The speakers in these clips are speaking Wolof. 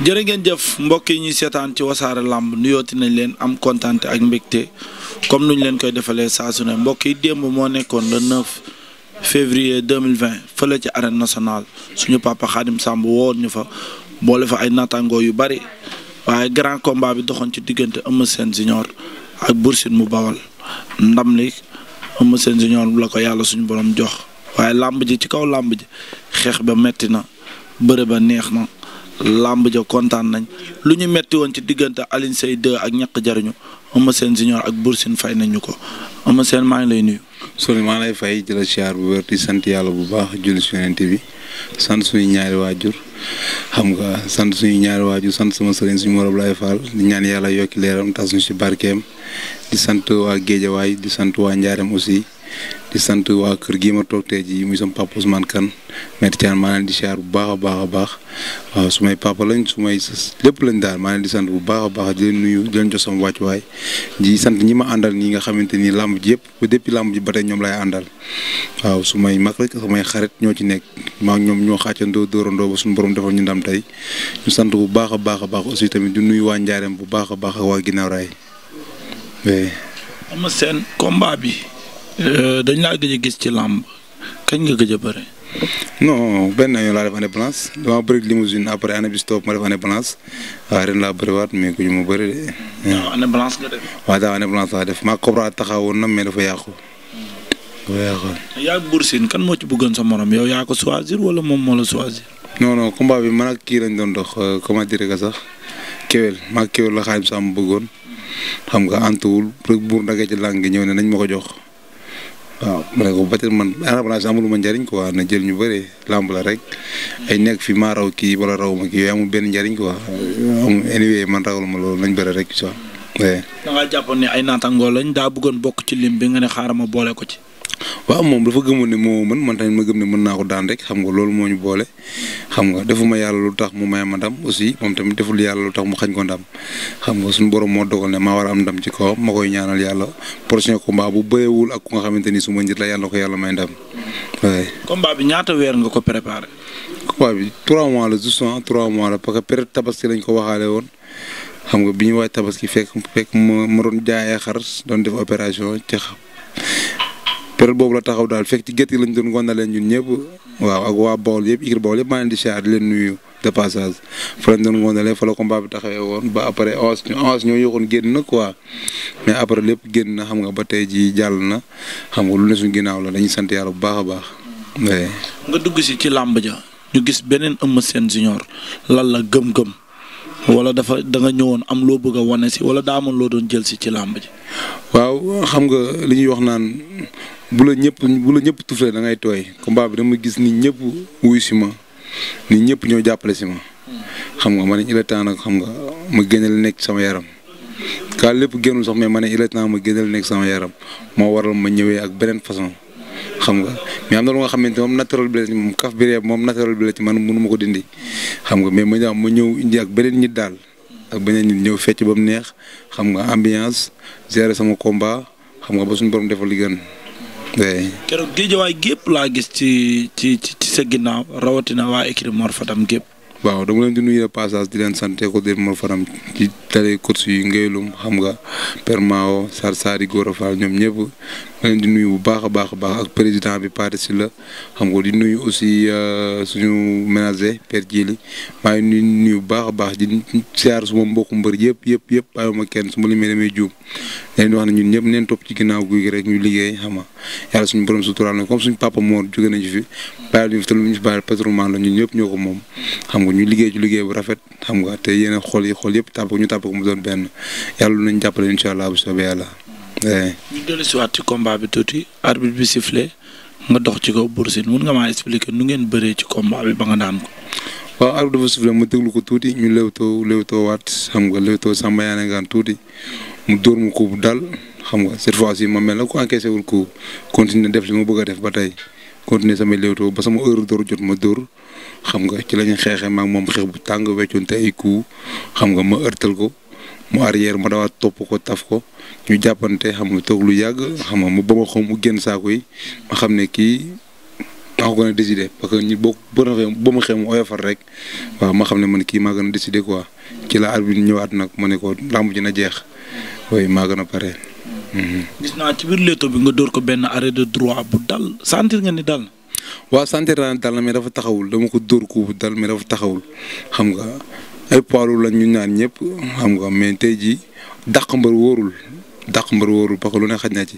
jërë ngeen jëf mbokk yi ñuy seetaan ci wasaare làmb nuyooti nañ leen am kontaan ak mbégte comme nuñ leen koy defalee saa su ne mbokk yi démb moo nekkoon le 9 février 2020 fële ci arène nationale suñu papa Khadim Samb woon ñu fa boole fa ay naataangoo yu bari waaye grand combat bi doxoon ci diggante Eumeu seen Junior ak Bour mu bawal ndam li Eumeu Sène Junior la ko yàlla suñu borom jox waaye làmb ji ci kaw làmb ji xeex ba metti na bëre neex na. làmb ja kontaan nañ lu ñu metti woon ci diggante alin Seye 2 ak ñaq jariñu Eumeu Sène junior ak Bour Sine fay nañu ko Eumeu Sène maa ngi lay nuyu. sori maa lay fay jëla siyaar bu wér di sant yàlla bu baax julli si yonent bi sant suñu ñaari waajur xam nga sant suñu ñaari waajur sant sama sëriñ suñu moroom lay faal di ñaan yàlla yokki leeram tas ñu si barkeem di sant waa Géejawaay di sant waa Njaareem aussi. di sant waa kër gii ma toog tey jii muy sama papa Ousmane Kane maître di siyaar bu baax a baax a baax waaw may papa lañ su lépp lañ daal maa leen di sant bu baax a baax di leen nuyu di leen jox sama di sant ñi ma àndal ñi nga xamante ni làmb yëpp ba depuis làmb ji ba tey ñoom lay àndal waaw may mag rek samay xarit ñoo ci nekk maa ñoom ñoo xaacandoo dóorandoo suñu borom defal ñu ndam tey sant bu baax a baax a baax aussi tamit di nuyu waa Njaareem bu baax baax ak waa Ginnaaw Raay. Eh. Ama seen komba bi. Euh, dañ laa gëj a gis ci làmb kañ nga gëj a bëre. non benn yoon laa def année blanche dama bëri limousine après année bi ma def année blanche waaye ren laa bëriwaat mais ku ñu mu bari de. waaw ah, année blanche nga def. waaw daaw laa def maa Cobra taxawoon na mais dafa yàqu. yàqu. yaa kan moo ci bëggoon sa morom yow yaa ko choisir wala moom moo la choisir. non non combat bi man ak kii lañ doon dox euh, comment dire que sax kéwél maa kéwél la xaalis am bëggoon xam nga antuwul rek buur ndagee ci làng gi ñëw ne nañ ma jox. waaw ma ne ko batir man arab ah, laa amul ma njariñ quoi na jël ñu bëre làmb la rek ay nekk fi maa raw kii wala raw ma kii yooyu amul benn njariñ quoi am anyway man rawal ma loolu lañ bëre rek quoi. da ngaa jàppoon ne ay naataangoo lañ daa bëggoon bokk ci lim bi nga ne xaaral ma boole ko ci. waaw moom dafa gëmoon ne moo mën man tamit ma gëm ne mën naa ko daan rek xam nga loolu moo ñu boole xam nga defuma yàlla lu tax mu may ma ndam aussi moom tamit deful yàlla lu tax mu xañ ko ndam xam nga suñu borom moo dogal ne maa war a am ndam ci kawam ma koy ñaanal yàlla prochain combat bu bëreewul ak ku nga xamante ni su ma njët la yàlla ko yàlla may ndam waaye. combat bi ñaata weer nga ko bi 3 mois la juste ah 3 mois la parce que période tabaski lañ ko waxaale woon. xam nga bi ñu waaj tabaski fekk fekk ma ma doon jaayee xar doon def opération ci période boobu la taxaw daal fekk ci gétt doon wanalee ñun ñëpp waaw ak waa Bawol yëpp ikir Bawol yëpp maa leen di siyaar leen nuyu de passage fa lañ doon wanalee fa la combat bi taxawee woon ba après avance avance ñoo yokkoon génn na mais après lépp génn na xam nga ba tey ji jàll na xam nga lu ne suñu ginnaaw la dañuy sant bu baax a baax. nga dugg si ci làmb ja ñu gis beneen Eumeu seen junior lan la gëm-gëm. wala dafa da ñëwoon am loo bëgg a wane si wala daa loo doon jël si ci làmb ji. bu la ñëpp bu la ñëpp tuflee da ngay tooy combat bi dama gis ni ñëpp wuyu si ma ni ñëpp ñoo jàppale si ma. xam nga ma ne il est temps nag xam nga ma génneel nekk sama yaram kaa lépp génnul sax mais ma ne il est temps ma génneel nekk sama yaram moo waral ma ñëwee ak beneen façon xam nga mais na lu xamante moom naturel bi la ci moom kaf bi la ci man mënu ma ko dindi xam nga mais ma ñëw ma ñëw indi ak beneen ñit daal ak beneen nit ñëw fecc ba mu neex xam nga ambiance gérer sama combat xam nga ba suñ borom defal li keroog géejawaay gépp laa gis ci ci ci sa ginnaaw rawatina waa écurie Mor Fadam gépp waaw dama leen di nuyu passage di leen sante ko di Mor Fadam ci dalee course yu ngéylum xam nga Père Mao Sar Sari Gora Fall ñoom ñëpp ma leen bu baax a baax a baax ak président bi Pathé Sylla xam nga di nuyu aussi euh, suñu ménager Père Djili maa ngi nuyu bu baax a baax di siyaar suma mbokku mbër yëpp yëpp yëpp bàyyiwuma kenn su ma wax ne ñun ñëpp neen topp ci ginnaaw guy gi ñu liggéey xam nga yàlla suñu borom suturaal na comme suñu papa Mor jóge nañu fi bàyyi ñu fi te lu ñu fi bàyyi patrimoine la ñun ñëpp ñoo ko moom xam nga ñu liggéey ci liggéey bu rafet xam nga te yéen a xool yi xool yëpp tàpp ñu tàpp jàpp ko mu doon benn yàlla lu nañ jàppale incha allah bu soobee yàlla. Eh. ñu dellu si waat ci combat bi tuuti arbitre bi sifflé nga dox ci kaw Bour Sine mun nga maa expliquer nu ngeen bëree ci combat bi ba nga daan ko. waaw arbitre dafa sifflé mu déglu ko tuuti ñu léwtoo léwtoo waat xam nga léwtoo Samba yaa ngaan tuuti mu dóor mu ko dal xam nga cette fois yi ma mel na ko encaissé wul ko continuer def li ma bëgg a def ba tey continuer samay léwtoo ba sama heure ma dóor xam nga ci la ñu xeexee maag moom xeex bu tàng weccunte ay coup xam nga ma ërtal ko mu arrière ma dawaat topp ko taf ko ñu jàppante xam nga toog lu yàgg xam nga mu ba ma mu génn saako yi ma xam ne kii maa ko gën a décidé parce que ñu boo ba ma xeex mu rek waaw ma xam ne man kii maa gën a décidé quoi ci la arbitre ñëwaat nag ma ne ko làmb ji na jeex waaye maa gën a pare. gis naa ci biir léeto bi nga door ko benn arrêt de droit bu dal sentir nga ni dal. waaw sentir naa dal na mais dafa taxawul dama ko dóor kuubu dal mais dafa taxawul xam nga ay poids lañ ñu naan ñëpp xam nga mais tey jii dàq mbër wóorul dàq mbër wóorul parce que lu ne xaj naa ci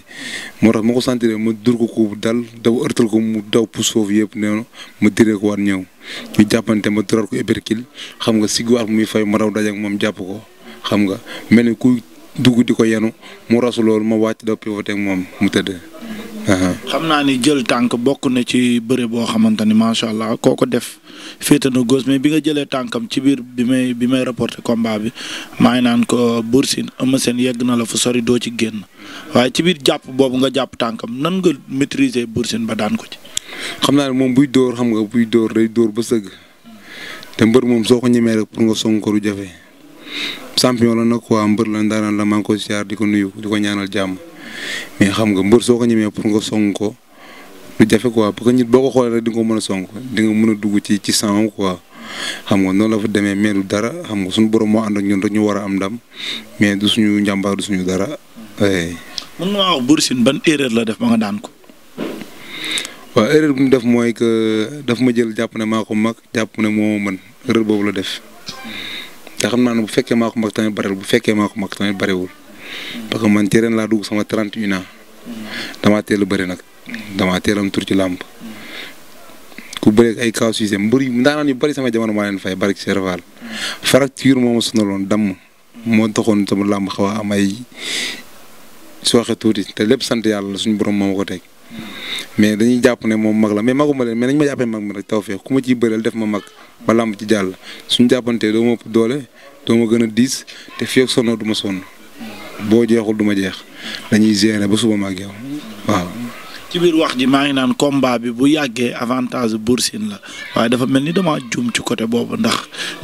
moo tax ma ko sentir ma dóor ko kuubu dal daw ërtal ko mu daw pousse foofu yëpp noonu ma diree ko waat ñëw ñu jàppante ma dural ko éperkil xam nga si sigwaat muy fay ma raw dajak moom jàpp ko xam nga mel ni ku dugg di ko yenu mu rasu loolu ma wàcc daw pivoté ak moom mu tëdd Uh-huh. xam naa ni jël tànk bokk na ci bëre boo xamante ni macha allah koo ko def féete na mais bi nga jëlee tànkam ci biir bi may bi may reporté combat bi maa ngi naan ko Bour Sine Eumeu Sène yegg na la fa sori doo ci génn waaye ci biir jàpp boobu nga jàpp tànkam nan nga maîtriser Bour Sine ba daan ko ci. xam naa ne moom buy dóor xam nga buy dóor day dóor ba sëgg te mbër moom soo ko ñemee rek pour nga song ko du jafe champion la nag waa mbër la ndaanaan la maa ngi ko siyaar di ko ñaanal jàmm. mais xam nga mbër soo ko ñemee pour nga song ko lu jafe quoi parce que nit boo ko xoolee rek di nga mën a song di nga mën a dugg ci ci sang quoi xam nga noonu la fa demee mais du dara xam nga suñu borom moo ànd ak ñun rek ñu a am ndam mais du suñu njàmbaar du suñu dara. mën nga wax Bour ban erreur la def ma nga daan ko. waaw erreur bu mu def mooy que daf ma jël jàpp ne maa ko mag jàpp ne moo mën erreur boobu la def te xam naa ne bu fekkee maa ko mag tamit barewul bu fekkee maa ko mag tamit barewul. parce que man ci laa dugg sama 31 ans. damaa teel a nag. damaa teel tur ci làmb. ku bëreeg ay kaw Cissé mbëri ndaanaan yu bëri sama jamono maa leen fay bari ci Serval. fracture moo ma sonaloon damm. moo taxoon sama làmb xaw a am ay sooxe tuuti te lépp sant yàlla suñu borom moo ma teg. mais dañuy jàpp ne moom mag la mais maguma leen mais nañ ma jàppee mag mi rek tawfeex ku ma ciy bëreel def ma mag ba làmb ci jàll suñu jàppantee doo ma doole doo gën a diis te fii ak sonn sonn. boo jeexul du ma jeex dañuy gérer ba suba ma ak waaw. ci biir wax ji maa ngi naan combat bi bu yàggee avantage Bour Sine la waaye dafa mel ni dama juum ci côté boobu ndax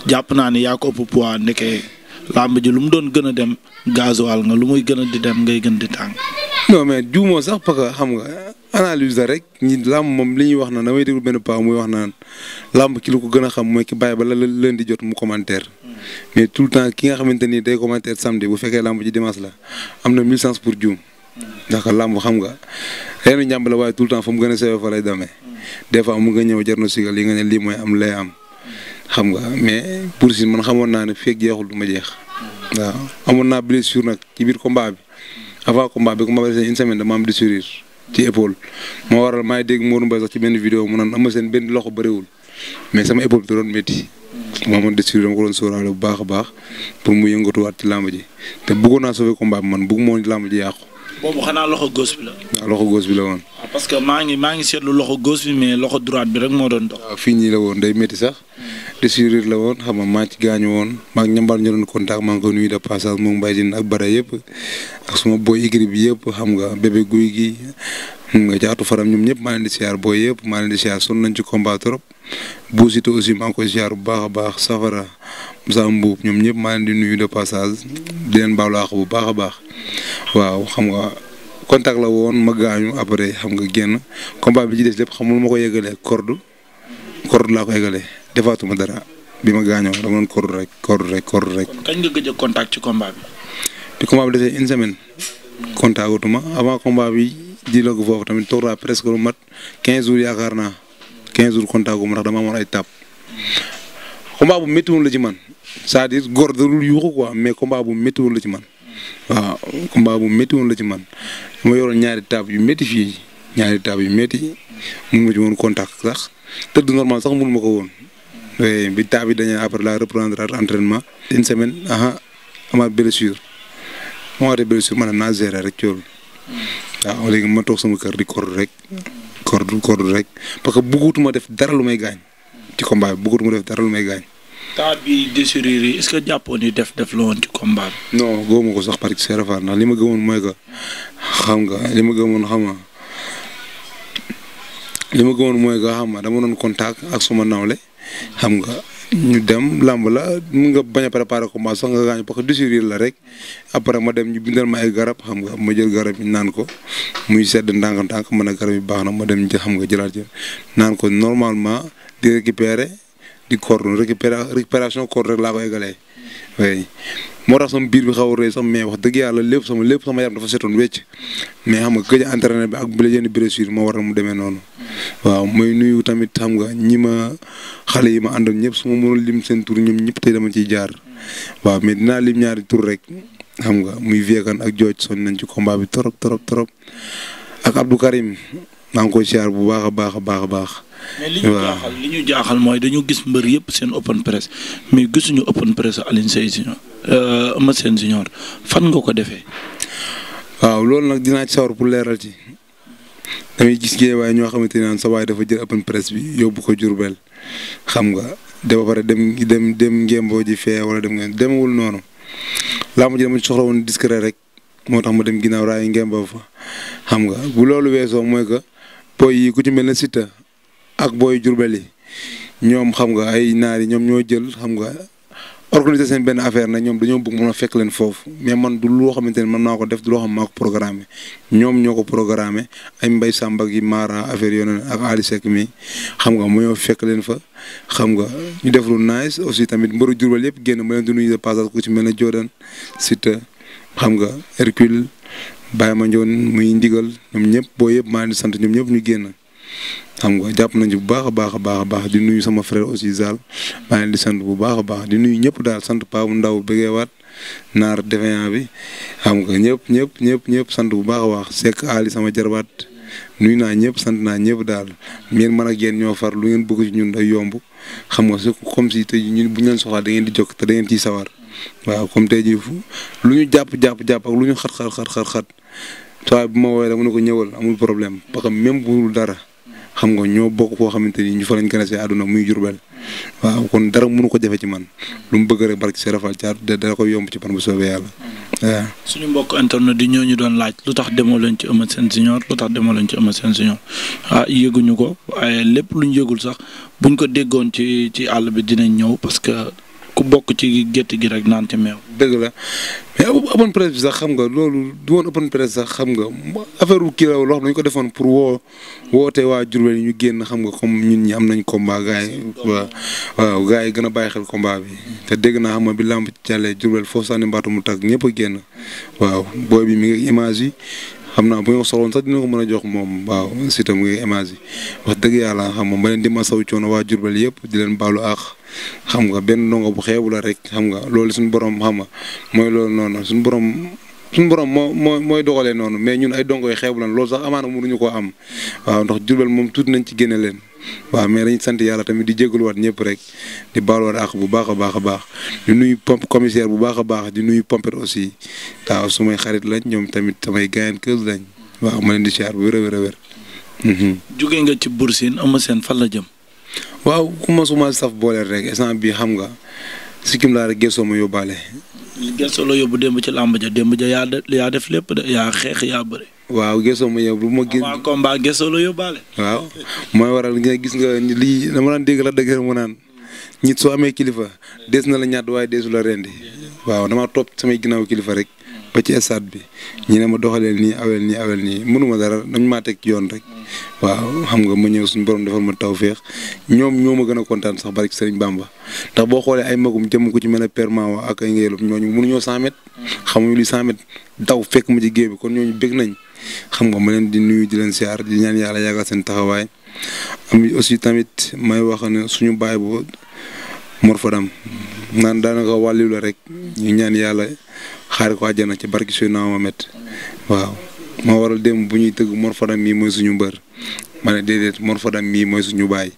jàpp naa ne yaa ko ëpp poids làmb ji lu mu doon gën a dem gasoil nga lu muy gën a di dem ngay gën di tàng. juumoo sax parce xam nga. analyse la rek ñi làmb moom li ñuy wax naan damay déglu benn paa muy wax naan làmb ki lu ko gën a xam mooy ki bàyyi ba la leen di jot mu commentaire. Mm. mais tout le temps ki nga xamante ni day commentaire samedi bu fekkee làmb ji dimanche la am na mille sens pour juum. Mm. ndax làmb xam nga reenu njàmb la waaye tout le temps fa mu gën a sewee fa lay demee. Mm. des fois mu nga ñëw jar na sigal nga ne lii mooy am lay am. xam nga mais pour si man xamoon naa ne feeg jeexul du ma jeex. waaw amoon naa blessure nag ci biir combat bi avant combat ci épaule moo waral maay dégg Mourou Mbaye sax ci benn vidéo mu naan Eumeu seen benn loxo bëriwul mais sama épaule bi da doon métti maa man décidé dama ko doon sóoraale bu baax a baax pour mu yëngatuwaat ci làmb ji te bëggoon naa sauver combat bi man bëggu moo làmb ji yàqu boobu xanaa loxo gos bi la. loxo gauche bi la woon. Ah, parce que maa ngi maa ngi seetlu loxo gos bi mais loxo droite bi rek moo doon dox. waaw fii la woon day métti sax. déchirure la woon xam nga maa ci gaañu woon maa ngi ñambaar ñu doon contact maa ngi ko nuyu de passage moom Mbaye Dine ak bara yëpp ak suma boy igri bi yëpp xam nga bébé guy gi nga jaatu faram ñoom ñëpp maa leen di siyaar booy yëpp maa leen di siyaar sonn nañ ci combat trop buusito aussi maa ngi koy siyaar bu baax a baax safara Moussa Mbuub ñoom ñëpp maa leen di nuyu de passage di leen baalu àq bu baax a baax waaw xam nga contact la woon ma gaañu après xam nga génn combat bi ci des lépp xamul ma ko yeggalee corde corde laa ko yeggalee defaatuma dara bi ma gaañoo dama doon corde rek corde rek corde rek. kañ ci combat bi. bi combat bi desee une semaine. ji la ko foofu tamit toog naa presque lu mat 15 jours yaakaar na 15 jours contact gu ma ndax dama amoon ay taab combat bu méttiwoon la ci man cest à góor dalul yuuxu quoi mais combat bu méttiwoon la ci man waaw combat bu la ci man dama ñaari taab yu métti fii ñaari taab yu métti mun ma ci woon contact sax tëdd normal sax mun ma ko woon. Eh, bi taab bi dañuy après la reprendre entraînement une semaine aha amaat blessure moo waatee blessure ma ne naa gérer rek coolu Ah, waaw léegi ma toog sama kër di kordu rek. kordu kordu rek parce que bëggatuma def dara lu may gaañ. ci combat bi bëggatuma def dara lu may gaañ. taa bi déchirure yi est jàppoon ni def def la woon ci combat bi. non sax parce que Serapha ndax li ma gëmoon mooy que xam nga li ma gëmoon xam li ma gëmoon mooy que xam nga dama doon contact ak suma nawle xam nga. ñu dem lamb la mun nga bañ a préparer combat sax nga gaañu parce que déchirure la rek après ma dem ñu bindal ma ay garab xam nga ma jël garab yi naan ko muy sedd ndànk-ndànk man a garab yi baax na ma dem xam nga jëlaat jël naan ko normalement di récupérer di cordon récupération cordon rek laa koy galee oui moo tax sama biir bi xaw a rëy sax mais wax dëgg yàlla lépp sama lépp sama yaram dafa setoon wecc mais xam nga gëj a entraîné bi ak bu la yenn blessure moo waral mu demee noonu. waaw mooy nuyu tamit xam nga ñi ma xale yi ma àndal ñëpp suma ma mënoon lim seen tur ñoom ñëpp tey dama ciy jaar. waaw mais dinaa lim ñaari tur rek xam nga muy Viekane ak Jooj son nañ ci combat bi trop trop trop ak Abdou Karim maa ngi koy siyaar bu a baax a baax a baax. mais li ñu jaaxal li ñu mooy dañu gis mbër yëpp seen open press mais gisuñu open press Alioune Seye junior euh, Eumeu Sène junior fan nga ko defee. waaw loolu nag dinaa ci sawar pour leeral ci damay gis géewaay ñoo xamante ne sa dafa jël open press bi yóbbu ko Jurbel xam nga de ba pare dem dem dem ngémboo ji fee wala dem ngeen demewul noonu laa ma ji dama ci soxla woon discret rek moo tax ma dem ginnaaw raay ngémboo fa xam nga bu loolu weesoo mooy que boy yi ku ci ak booy Jurbel yi ñoom xam nga ay naar yi ñoom ñoo jël xam nga organiser benn affaire nag ñoom dañoo bugg mën a fekk leen foofu mais man du loo xamante ne mën naa ko def du loo xam ñoom ñoo ko programmé ay mbay sàmba gi maara affaire yoon ak Ali Seck mi xam nga mu ñoo fekk leen fa xam nga ñu def lu nice aussi tamit mbëru Jurbel yëpp génn ma leen di nuyu de passage ku ci mel ne Jordan Siteu xam nga Hercule ma Mandione muy ndigal ñoom ñëpp boo yëpp maa ngi sant ñoom ñëpp ñu génn xam nga jàpp nañ bu baax a baax a baax a baax di nuyu sama frère aussi Zal maa di sant bu baax a baax di nuyu ñëpp daal sant Paa bu Ndaw bëggee waat naar defeyan bi xam nga ñëpp ñëpp ñëpp ñëpp sant bu baax a baax Seck Ali sama jarbaat nuyu naa ñëpp sant naa ñëpp daal ngeen man a yéen ñoo far lu ngeen bëgg ci ñun day yomb xam nga su comme si tey ñun bu ñu leen soxlaa da ngeen di jokk te da ngeen ciy sawar waaw comme tey jii fu lu ñu jàpp jàpp jàpp ak lu ñu xat xat xat xat xat ma woowee rek mu ne ko ñëwal amul problème parce que même bu dara. xam nga ñoo bokk foo xamante ni ñu fa lañ gën a see àdduna muy jurbel waaw kon dara mënu ko jafe ci man lu mu bëgg rek barki Serigne Fall caar dara ko yomb ci man bu soobee yàlla waaw. suñu mbokk internet di ñooñu doon laaj lu tax demoo leen ci Eumeu Sène Junior lu tax demoo leen ci Eumeu Sène Junior ah yëguñu ko waaye lépp luñ yëgul sax buñ ko déggoon ci ci àll bi dinañ ñëw parce que ku bokk ci gétt gi rek naan ci meew. dëgg la mais open presse bi sax xam nga loolu du woon open presse sax xam nga affaire wu kii loo xam ko defoon pour woo woote waa Diourbel yi ñu génn xam nga comme ñun ñi am nañ combat gars yi waaw gars yi gën a bàyyi xel combat bi te dëgg naa xam nga bi làmb ci jàllee Diourbel foofu sànni mbaatu mu tag ñëpp a génn waaw booy bi mi ngi image yi. xam naa bu ñu soxloon sax dina ko mën a jox moom waaw si tam ngay image yi wax dëgg yàlla xam moom ba leen di ma saw coono waa Jurbel yëpp di leen baalu àq xam nga benn ndongo bu xeebu la rek xam nga loolu suñu borom xam mooy loolu noonu suñu borom. borom moo moo mooy doxalee noonu mais ñun ay dongo yi xeebu loolu sax amaana mënuñu ko am waaw ndax Jurbel moom tuuti nañ ci génne leen waaw mais dañu sant yàlla tamit di jégaluwaat ñëpp rek di baaluwaat ak bu baax a baax a baax di nuyu pompe commissaire bu baax a baax di nuyu pompet aussi waaw sumay xarit lañ ñoom tamit samay gaayan kër lañ waaw ma leen di siyaar bu wér a wér a wér. Mhm. jóge nga ci Bour Sine Eumeu Sène fan la jëm. waaw ku ma suma saf booleel rek instant bi xam nga sikkim laa rek gëstoo ma yóbbaale. gëstoo la yóbbu démb ci làmb ja démb ja yaa def def lépp de yaa xeex yaa bëri. waaw gëstoo ma yóbbu bu ma. gis waaw combat gëstoo la yóbbaale. waaw mooy waral nga gis lii dama daan dégg la dëgg mu naan nit soo amee kilifa des na la ñaat waaye deesu la rendi waaw dama topp samay ginnaaw kilifa rek. ba ci stade bi ñu ne ma doxaleel nii awel nii awel nii mënuma dara nañ maa teg yoon rek waaw xam nga ma ñëw suñu borom defal ma taw tawféex ñoom ñoo ma gën a kontaan sax barki sëriñ Bamba ndax boo xoolee ay magum jëm ko ci mën a permanent ak ay ngéelub ñooñu mënuñoo 100 mètres xamuñu li 100 mètres daw fekk ma ci géej bi kon ñooñu bég nañ xam nga ma leen di nuyu di leen siyaar di ñaan yàlla yàggal seen taxawaay am aussi tamit may wax ne suñu baay boo Mor Fadam naan daanaka wàllu rek ñu ñaan yàlla xaar ko àjjana ci barki Seydina Mohamed waaw moo waral démb bu ñuy tëgg Mor Fadam mii mooy suñu mbër ma ne déedéet Mor Fadam mii mooy suñu baay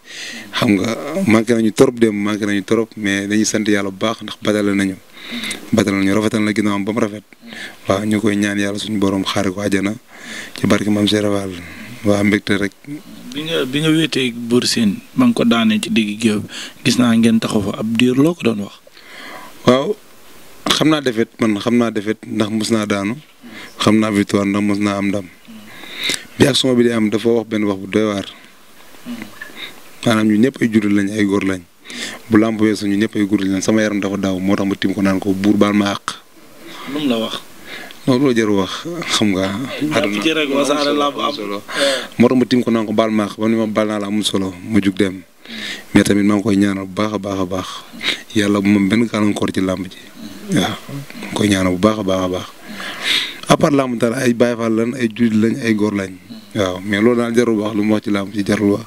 xam nga manqué nañu trop démb manqué nañu trop mais dañuy sant yàlla bu baax ndax batale nañu batale nañu rafetal na ginnaawam ba mu rafet waaw ñu koy ñaan yàlla suñu borom xaar ko àjjana ci barki maam Seraval waaw mbégte rek. bi nga bi nga wéetee Bour ci digg gis naa ngeen taxaw fa ab diir loo ko doon wax. waaw xam naa defet man xam naa defet ndax mus naa daanu xam naa victoire ndax mos naa am ndam bi ak suma bi di am dafa wax benn wax bu doy waar maanaam ñu ñëpp ay jullit lañ ay góor lañ bu làmb weesu ñu ñëpp ay góor lañ sama yaram dafa daaw moo tax ma tim ko naan ko baal ma àq. mu la wax. non wax xam nga. aduna moo tax ma ko naan ko baal ma naa la amul solo mu jug dem mais tamit maa ngi koy ñaanal bu baax a baax a baax yàlla bu ma benn gàllankoor ci làmb ji. waaw koy ñaanal bu baax a baax a baax appart laa làmb dara ay Baay Faal lañ ay jullit lañ ay góor lañ. waaw mais loolu daal jarul wax lu mu wax ci làmb ci jarul wax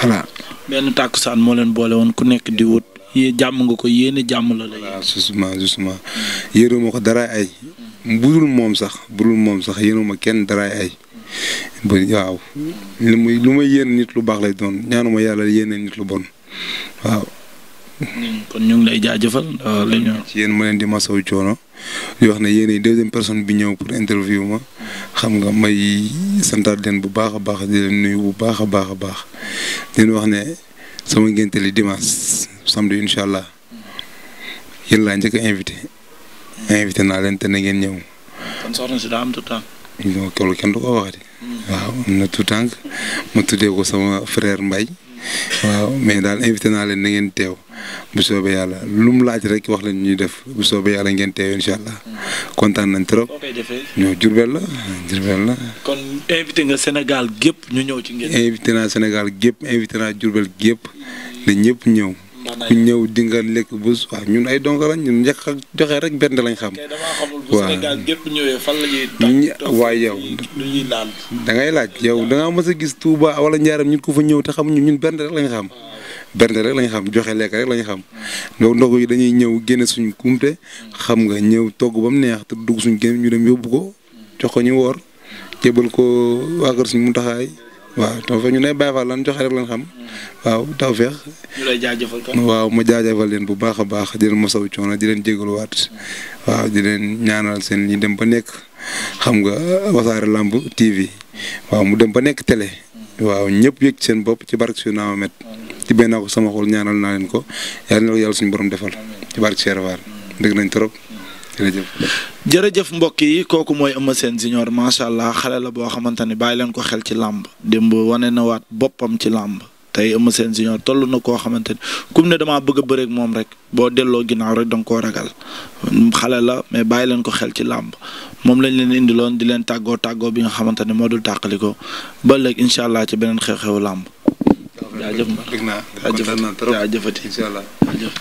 voilà. benn tàkkusaan moo leen boole ku nekk di jàmm nga ko yéene jàmm la lay. waaw justement justement yéenuma ko dara ay. budul moom sax budul moom sax yéenuma kenn dara ay. ba waaw lu muy lu ma yéen nit lu baax lay doon ñaanuma yàlla yéene nit lu bon kon ñu ngi lay jaajëfal. Euh, ci yéen ma leen di masawu coono di wax ne yéen deuxième personne bi ñëw pour interview ma xam nga may santaat leen bu baax a baax di nuyu bu baax a baax a baax di wax ne sama ngénte li dimanche samedi incha allah yéen laa njëkk invité. invité naa leen te na ngeen ñëw. kon soxna si daa am kenn du ko waxati. Hmm. waaw na tout temps ma tuddee ko sama frère mbay hmm. waaw mais daal invité naa leen na ngeen teew. bu soobee yàlla lu mu laaj rek wax lañ ñuy def bu soobee yàlla ngeen teew incha allah kontaan nañ trop. ñoo Jurbel la Jurbel la. kon invité nga Sénégal gépp ñu ñëw ci ngeen. invité naa Sénégal gépp invité naa Jurbel gépp na ñëpp ñëw. ku ñëw di nga lekk bu waaw ñun ay donc lañ ñun njëkk ak joxe rek benn lañ xam. waaw Sénégal gépp fan la waaye yow da ngay laaj yow da ngaa mës a gis Touba wala Njaaram ñun ko fa ñëw te xamuñu ñun benn rek lañ xam. Ah. bernde rek lañ xam joxe lekk rek lañ xam donc ndogu yi dañuy ñëw génne suñu kumte xam nga ñëw togg ba mu neex te dugg suñ génn ñu dem yóbbu ko jox ko ñu woor jébal ko waa kër suñu muntaxaay waaw taw feex ñu ne Baye lan joxe rek lañ xam waaw taw feex ñu lay jaajëfal waaw ma jaajëfal leen bu baax a baax di leen mosaw coono di leen jégaluwaat waaw di leen ñaanal seen ñi dem ba nekk xam nga wasaare lamb TV waaw mu dem ba nekk tele waaw ñëpp yëg seen bopp ci barke Seydina Muhammad tibbee naa ko sama xol ñaanal naa leen ko yal na yàlla suñu borom defal ci barke Cheikh Raval dégg nañ trop. jërëjëf mbokk yi kooku mooy Eumeu seen junior macha allah xale la boo xamante ne bàyyi leen ko xel ci làmb démb wane na boppam ci làmb tey Eumeu Sène junior toll na koo xamante ne kum ne damaa bëgg a bëre moom rek boo delloo ginnaaw rek danga koo xale la mais bàyyi leen ko xel ci làmb moom lañ leen indiloon di leen tàggoo tàggoo bi nga xamante ne moo dul tàqali ko ba léegi incha allah ci beneen xew-xewu làmb jaajëf Mbar. dégg naa kontaan naa trop jaajëf jaajëfati incha allah jaajëf.